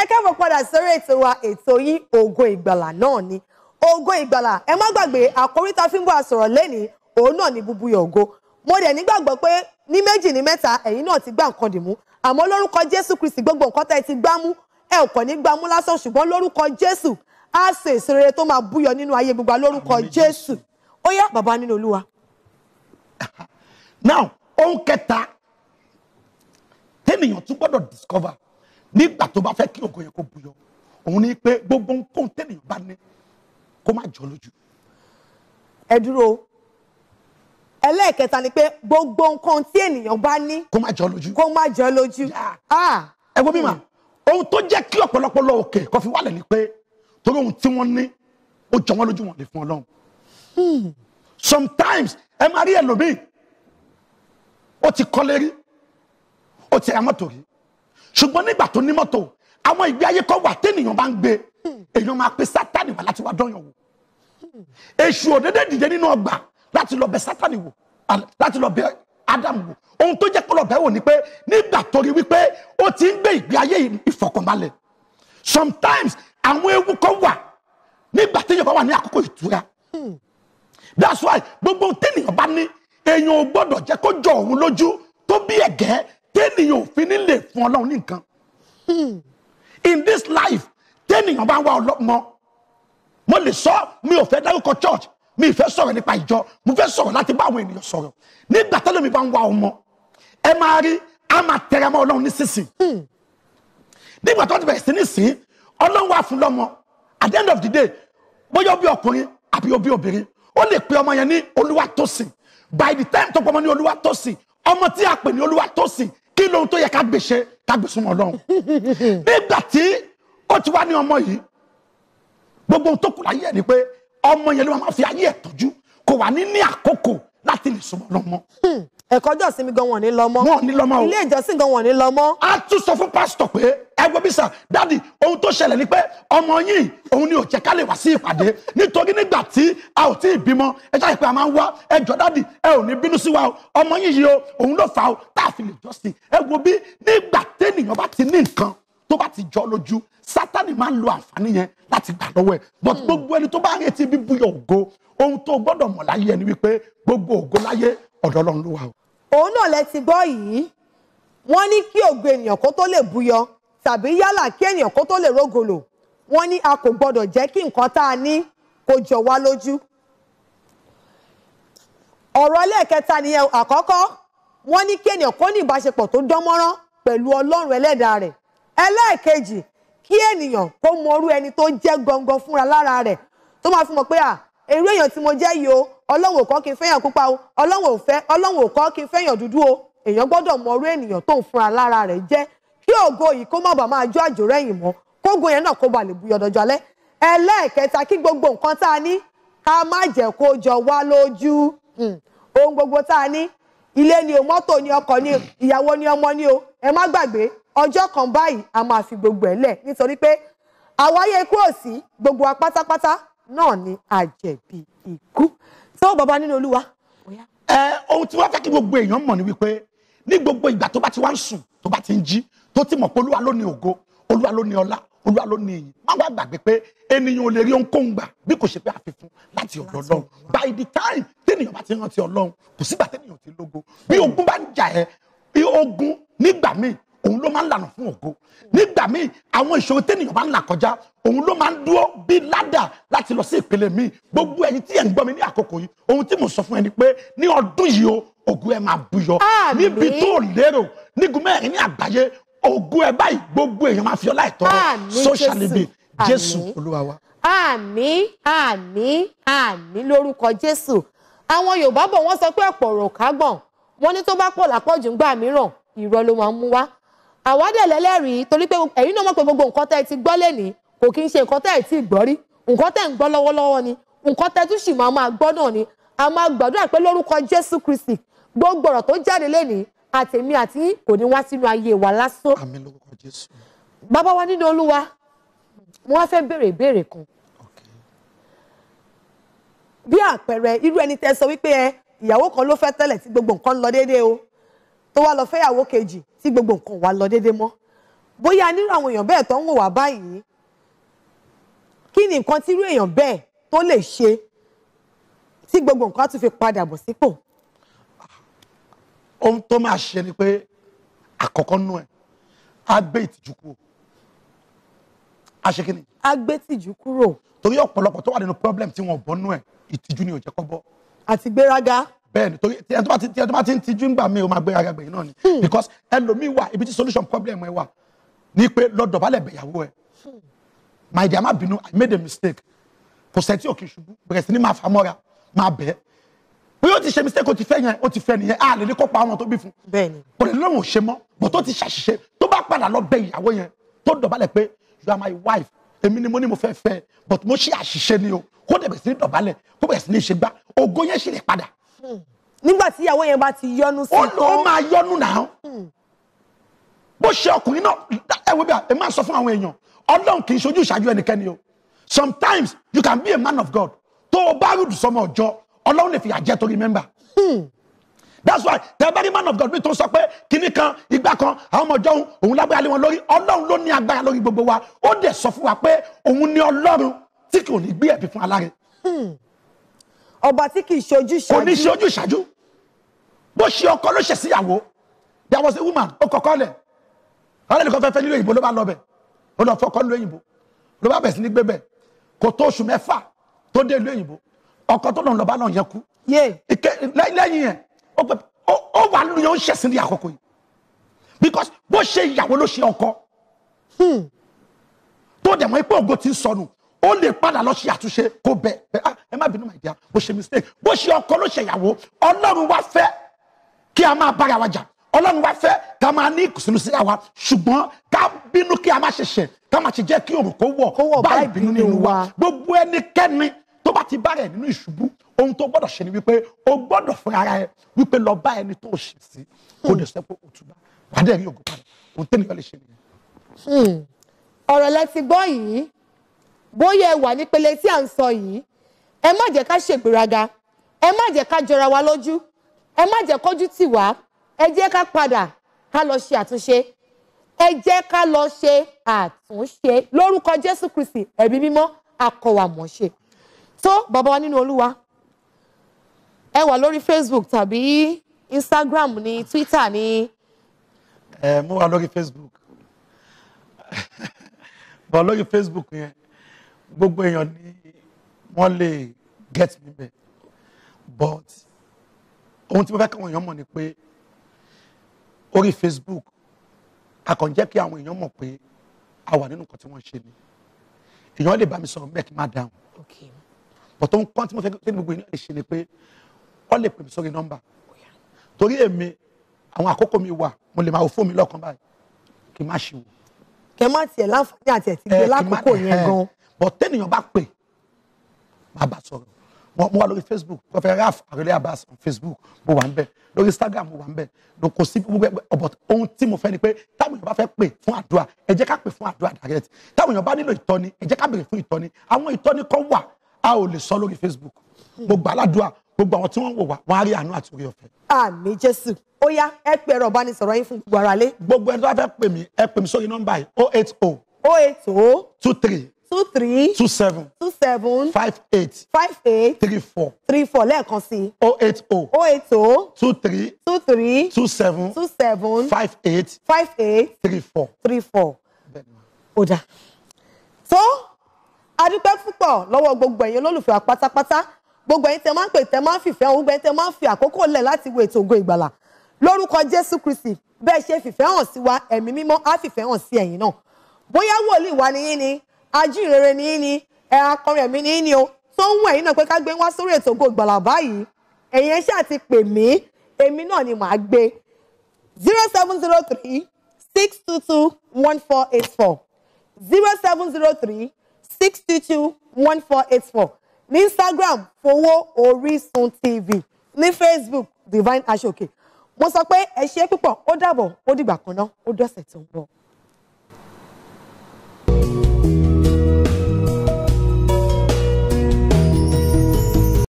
ẹ káàbọ̀ padà sórí ètò wa ètò yín ògo ìgbàlà náà ni ògo ìgbàlà ẹ má gbàgbé àkórí tá fi ń bọ̀ àsọ̀rọ̀ lẹ́nìí òun náà ni búbuyọ̀ ògo mo dẹ̀ nígbàgbọ́ pé ní méjì ní mẹ́ta ẹ̀yin náà ti gbá nǹkan dìmú àmọ́ lórúkọ Jésù Kristi gbogbo nǹkan tẹ́ ẹ ti gbámú ẹ ò kàn ní gbámú lásán ṣùgbọ́n lórúkọ Jésù á ṣe èso rere tó máa búyọ nínú ayé gbogbo lórúkọ Jésù ó yá bàbá nínú Olúwa. now ohun kẹta tẹ́nìyàn tún gbọ́dọ̀ discover nígbà tó bá fẹ́ kí ògo yẹn kó buyọ òun ni pé gbogbo nǹkan tẹ́lẹ̀ bá ní kó má jọ lójú. ẹ dúró ẹlẹ́ẹ̀kẹta ni pé gbogbo nǹkan tí ènìyàn bá ní. kó má jọ lójú. kó má jọ lójú. Ah. ẹ wo bí mà ohun tó jẹ́ kí ọ̀pọ̀lọpọ̀ lọ òkè kó fi wálẹ̀ ni pé torí ohun tí wọ́n ní ó jọ wọ́n lójú wọn lè fún Ọlọ́run. Hmm. sometimes ẹ máa rí ẹlòmíì ó ti kọ́lé rí ó ti ra mọ́tò rí ṣùgbọ́n nígbà tó ní mọ́tò àwọn ìgbé ayé kan wà téèyàn bá ń gbé èèyàn máa pe sátani wá láti wá dọ́yàn wò èṣù òdédé dìde nínú ọgbà láti lọ bẹ sátani wò láti lọ bẹ ádámù wò ohun tó jẹ́ kó lọ bẹ̀ wò ni pé nígbà torí wípé ó ti ń gbé ìgbé ayé ìfọkànbalẹ̀ sometimes àwọn ewu kan wà nígbà téèyàn bá wà ní àkókò ìtura that's why gbogbo téèyàn bá ní èèyàn ò gbọ́dọ̀ jẹ́ kó jọ òun lójú tó bí ẹ̀gẹ́ tẹ́nìyàn ò fi ní lè fún ọlọ́run ní nǹkan in this life tẹ́nìyàn bá ń wá ọlọ́mọ mo lè sọ mi ò fẹ́ dárúkọ church mi fẹ́ sọ̀rọ̀ nípa ìjọ mo fẹ́ sọ̀rọ̀ láti bá àwọn ènìyàn sọ̀rọ̀ nígbà tẹ́lẹ̀ mi bá ń wá ọmọ ẹ máa rí a máa tẹra mọ́ ọlọ́run nísinsìn nígbà tó ti bẹ̀rẹ̀ sí nísìn ọlọ́run wà fún lọ́mọ at the end of the day bóyá bí ọkùnrin àbí bí obìnrin ó lè pe ọmọ yẹn ní olúwa tósìn by the time tó pọmọ ní olúwa tósìn ọmọ tí a pè ní olúwa tósìn kí lóhun tó yẹ ká gbèsè ká gbèsè mọ́ Ọlọ́run nígbà tí ó ti wá ní ọmọ yìí gbogbo ohun tó kù láyé ẹ ni pé ọmọ yẹn ló máa fi ayé ẹ tọ́jú kò wà ní ní àkókò láti lè súnmọ́ lọ́mọ. Hmm. ẹ̀kọ́ ọjọ́ ìsinmi gan wọ́n ní lọ́mọ. wọ́n ní lọ́mọ o. ilé ìjọsìn gan wọ́n ní lọ́mọ. a tún sọ fún pásítọ̀ pé ẹ gbọ́ bí sà dáàdì ohun tó ṣẹlẹ̀ ni pé ọmọ yìí òun ni ò jẹ́ ká lè wá sí ìpàdé nítorí nígbà tí a ò tí ì bímọ ẹ ṣáà pé a máa ń wá ẹ jọ dáàdì ẹ ò ní bínú sí wa o ọmọ yìí yìí o òun ló fà á o tá a fi lè jọ́sìn ẹ wo bí nígbà téèyàn bá ti ní nǹkan láti jọ́ lójú sátani máa ń lo àǹfààní yẹn láti gbà lọ́wọ́ ẹ̀ but hmm. gbogbo ẹni tó bá retí bíbuyọ̀ ògo ohun tó gbọ́dọ̀ mọ̀ láyé ẹni wípé gbogbo ògo láyé ọ̀dọ̀ Ọlọ́run ló wà o. òun náà lẹ ti gbọ́ yìí wọ́n ní kí ògo ènìyàn kó tó lè buyọ tàbí yálà kí ènìyàn kó tó lè rógolò wọ́n ní a kò gbọ́dọ̀ jẹ́ kí nǹkan tá a ní kó jọ wá lójú. ọ̀rọ̀ ẹlẹ́ẹ̀kẹta nìyẹn àkọ́kọ́ wọ́n ní kí ènìyàn kó ní ìbáṣepọ̀ tó dán mọ́rán pẹ̀lú Ọlọ́run ẹlẹ́dàá rẹ̀ ẹlẹ́ẹ̀kejì kí ènìyàn kó mọ orú ẹni tó jẹ́ gangan fúnra lára rẹ̀ tó máa fún mọ̀ pé à èrú èèyàn tí mo jẹ́ yìí o ọlọ́run ò kọ́ kí n fẹ́yàn o ọlọ́run ò fẹ́ ọlọ́run ò kọ́ n fẹ́yàn dúdú o èèyàn gbọ́dọ̀ mọ orú ènìyàn tó ń fúnra lára rẹ̀ jẹ́ kí ògo yìí kó má bàa máa jó àjò mọ́ ba lè alẹ́ ẹlẹ́ẹ̀kẹta kí gbogbo nǹkan tá a ní ká má jẹ́ kó jọ wá lójú hmm. ohun gbogbo tá a ní ni o mọ́tò ni ọkọ̀ ni ìyàwó ni ọmọ ni o ẹ má gbàgbé ọjọ́ kan báyìí a máa fi gbogbo ẹ̀ lẹ̀ nítorí pé àwáyé ikú òsì gbogbo wa pátápátá náà ni àjẹ̀bí ikú tó bàbá nínú olúwa. ẹ ohun tí wọ́n fẹ́ kí gbogbo èèyàn mọ̀ ni wípé ní gbogbo ìgbà tó bá ti wá ń sùn tó bá ti ń jí tó ti mọ̀ pé olúwa ló ní ògo olúwa ló ní ọlá olúwa ló ní èyí má wàá gbàgbé pé ènìyàn ò lè rí ohunkóhun gbà bí kò ṣe pé àfikún láti ọ̀dọ̀ ọlọ́run by the time téèyàn bá ti rántí ọlọ́run kò sígbà téèyàn ti lógo bí ogun bá ń jà ẹ́ ogun nígbà míì òun ló máa ń lànà fún ògo nígbà míì àwọn ìṣòro tẹ́nìyàn bá ń là kọjá òun ló máa ń dúró bí ládà láti lọ sí ìpele míì gbogbo ẹ̀yin tí ẹ̀ ń gbọ́ mi ní àkókò yìí ohun tí mo sọ fún ẹ ni pé ní ọdún yìí o ògo ẹ máa buyọ níbi tó lérò nígun mẹ́rin ní àgbáyé ògo ẹ báyìí gbogbo èèyàn máa fi ọlá ìtọrọ socially be jésù olúwa wa. àmín àmín àmín lórúkọ jésù àwọn yorùbá bọ̀ wọ́n sọ pé ọ̀pọ̀ ọ̀rọ̀ kágbọ̀n wọ́n ní tó bá pọ̀ lápọ̀jù ńgbà mìíràn irọ́ ló máa ń mú wá àwa dẹ̀ lẹ́lẹ́rìí torí pé ẹ̀yin náà mọ̀ pé gbogbo nǹkan tẹ́ ẹ ti gbọ́ lẹ́nìí kò kí ń ṣe nǹkan tẹ́ ẹ ti gbọ́ rí nǹkan tẹ́ ẹ ń gbọ́ lọ́wọ́lọ́wọ́ ni nǹkan tẹ́ ẹ tún sì máa máa gbọ́ náà ni a máa gbàdúrà pé lórúkọ Jésù Kristi gbogbo ọ̀rọ̀ tó jáde lẹ́nìí àtèmi àti kò ní wá sínú ayé wa lásán. àmín lórúkọ Jésù. bàbá wa nínú Olúwa mo fẹ́ béèrè ìbéèrè kan. bí àpẹẹrẹ irú ẹni tẹ́ sọ wípé ìyàwó kan ló fẹ́ tẹ́lẹ̀ tí gbogbo nǹkan lọ déédéé o tó wá lọ fẹ́yàwó kejì tí gbogbo nǹkan wà lọ déédéé mọ́ bóyá nírú àwọn èèyàn bẹ́ẹ̀ tó ń wò wá báyìí kí ni nǹkan tírú èèyàn bẹ́ẹ̀ tó lè ṣe tí gbogbo nǹkan tún fi padà bọ̀ sípò. ohun tó máa ṣe ni pé àkọ́kọ́ nú ẹ̀ á gbé ìtìjú kúrò á ṣe kí ni. á gbé ìtìjú kúrò. torí ọ̀pọ̀lọpọ̀ tó wà nínú problem tí wọ́n bọ́ nú ẹ̀ ìtìjú ni ò bẹ́ẹ̀ni torí tí ẹni tó bá ti ń tijú ńgbà mi ò máa gbéra gbẹ̀yìn náà ni hmm. because ẹlòmíì wà ibi tí solution problem ẹ wà ní pé lọ dọ̀bálẹ̀ bẹ̀yàwó ẹ hmm. my dear má i made a mistake kò sẹ́ tí òkè ṣubú bẹ̀rẹ̀ sí ni máa fa mọ́ra máa bẹ́ẹ̀ bóyá o ti ṣe mistake o ti fẹ́ yẹn o ti fẹ́ nìyẹn a lè ní kópa àwọn tó bí fún kò lè lóhùn ṣe mọ́ bọ̀ tó ti ṣàṣìṣe tó you are my wife èmi ni mo ní mo fẹ́ fẹ́ but mo ṣe àṣìṣe ni o kó dẹ̀ bẹ̀rẹ̀ sí ní dọ̀bálẹ̀ kó bẹ̀rẹ̀ sí ní ṣe gbá ògo yẹn ṣì lè padà nígbà tí ìyàwó yẹn bá ti yọnu sí i tó ó máa yọnu náà hmm. bó ṣe ọkùnrin náà ẹ wo bí i máa sọ fún àwọn èèyàn ọlọ́run kì í ṣojú ìṣáájú ẹnikẹ́ni o sometimes you can be a man of God tó o bá rúdù sọmọ ọjọ́ ọlọ́run lè fìyà jẹ torí mẹ́mbà hmm. that's why tẹ bá rí man of God mi tó sọ pé kinní kan ìgbà kan àwọn ọmọ ọjọ́ òun lágbára lé wọn lórí ọlọ́run ló ní agbára lórí gbogbo wa ó dẹ̀ sọ fún wa pé òun ni ọlọ́run tí kò ní gbé ẹ̀bí fún aláre. Hmm ọba tí kì í ṣojú ṣáájú kò ní ṣe ojú ṣáájú bó ṣe ọkọ ló ṣe síyàwó there was a woman ó kọ́kọ́ lẹ̀ ọ̀rẹ́ nìkan fẹ́fẹ́ nílò òyìnbó ló bá lọ bẹ̀ ó lọ fọkọ nílò òyìnbó ló bá bẹ̀ sí ní gbé bẹ̀ kò tó oṣù mẹ́fà tó dé ìlú òyìnbó ọkọ tó lọ́nà lọ́ba náà yẹn kú lẹ́yìn yẹn ó wà nínú yẹn ó ń ṣẹ̀sìn ní àkókò yìí because bó ṣe ìyàwó ló ṣe ọkọ hmm. tó dẹ̀ mọ́ ipò ògo ti ń sọnù ó lè padà lọ ṣe àtúnṣe kó bẹ bẹ ah ẹ má bínú my dear ṣe mistake bó ṣe ọkọ ló ṣe ìyàwó ọlọ́run wá fẹ́ kí a máa bára wa jà ọlọ́run wá fẹ́ ká máa ní ìkùnsínú síra wa ṣùgbọ́n ká bínú kí a má ṣe ṣe ká má ṣe jẹ́ kí òrùn kó wọ̀ báyìí bínú nínú wa gbogbo ẹnikẹ́ni tó bá ti bára ẹ̀ nínú ìṣubú ohun tó gbọ́dọ̀ ṣe ni wípé o gbọ́dọ̀ fún ara ẹ wípé lọ bá ẹni tó ṣe sí kó lè sọ pé o tún bá wàá dẹ̀ rí ògùn lè ṣe nìyẹn. Hmm. ọ̀rọ̀ lẹ ti gbọ́ yìí bóyá ẹ wà nípele tí à ń sọ yìí ẹ má jẹ́ ká ṣègbéraga ẹ má jẹ́ ká jọra wa lójú ẹ má jẹ́ kójú tì wá ẹ jẹ́ ká padà ká lọ ṣe àtúnṣe ẹ jẹ́ ká lọ ṣe àtúnṣe lórúkọ Jésù Kristi ẹ̀mí mímọ́ akọ̀wàmọ̀ṣe tó bàbá wa nínú Olúwa ẹ wà lórí Facebook tàbí Instagram ni, Twitter ni? ẹ mú wa lórí Facebook bọ̀ lórí Facebook yẹn gbogbo èèyàn ni wọ́n lè get me bẹ̀ but ohun tí mo fẹ́ káwọn èèyàn mọ̀ ni pé orí Facebook akànjẹ́ kí àwọn èèyàn mọ̀ pé a wà nínú nǹkan tí wọ́n ṣe ni èèyàn lè bá mi sọ̀rọ̀ mẹ́ẹ̀kì má dáhùn but ohun kan tí mo fẹ́ kí gbogbo èèyàn lè ṣe ni pé wọ́n lè pè mí sórí nọ́mbà torí èmi àwọn àkókò mi wà mo lè máa wo fóònù mi lọ́kàn báyìí kì í má ṣe wò. kẹ má tiẹ̀ láǹfààní àti ẹ̀ ti gbé eh, lákòókò yẹn eh, gan-an but tẹ́nìyàn bá pè máa bá sọ̀rọ̀ mo wà lórí facebook prophet raf arele abbas on facebook mo wà ń bẹ lórí instagram mo wà ń bẹ ló kò sí gbogbo ohun tí mo fẹ́ ni pé táwọn èèyàn bá fẹ́ pè fún àdúrà ẹ jẹ́ ká pè fún àdúrà direct táwọn èèyàn bá nílò ìtọ́ni ẹ jẹ́ ká béèrè fún ìtọ́ni àwọn ìtọ́ni kan wà a ò lè sọ lórí facebook mo gbà ládùúrà gbogbo àwọn tí wọ́n ń wò wá wọ́n á rí àánú àti orí ọ̀fẹ́. àmín jésù ó yá ẹ pè ẹ̀rọ ìbánisọ̀rọ̀ yín fún gbogbo ara lé. gbogbo ẹni tó bá fẹ́ pè mí ẹ pè mí sórí nọ́mbà yìí oh eight oh. oh, oh two three two three. two seven. two seven. five eight. five eight. three four. three four lẹ́ẹ̀kan sí. O oh eight O oh. O oh eight O two three. two three. two seven. two seven. five eight. five eight. three four. three four. ó dà. tó adúpẹ́ púpọ̀ lọ́wọ́ gbogbo ẹ̀yin olólùfẹ́ wa pátápátá gbogbo ẹ̀yin tẹ máa ń pè tẹ máa ń fìfẹ́ òun gbẹ tẹ máa ń fi àkókò lẹ̀ láti wo ètò Ògo Ìgbàlà lórúkọ Jésù Kristi bẹ́ẹ̀ ṣe fìfẹ́ hàn sí wa ẹ̀mí mímọ́ á fìfẹ́ hàn sí ẹ̀yin náà bóyá wòlíì wa ni yín ni ajínrere ní í ni ẹ akọrin ẹ̀mí ní í o tó ń wọ̀ ẹ̀yin náà pé ká gbé wá sórí ètò Ògo Ìgbàlà báyìí ẹ̀yin ṣáà ti pè mí èmi náà ni màá gbé zero seven zero three six two two one four eight four zero seven zero three six two two one four eight four ní Instagram fowó Orísun TV ní Facebook Divine Ashoke mo sọ pé ẹ ṣe púpọ̀ ó dàbọ̀ ó dìgbà kan náà ó dọ̀sẹ̀ tó ń bọ̀.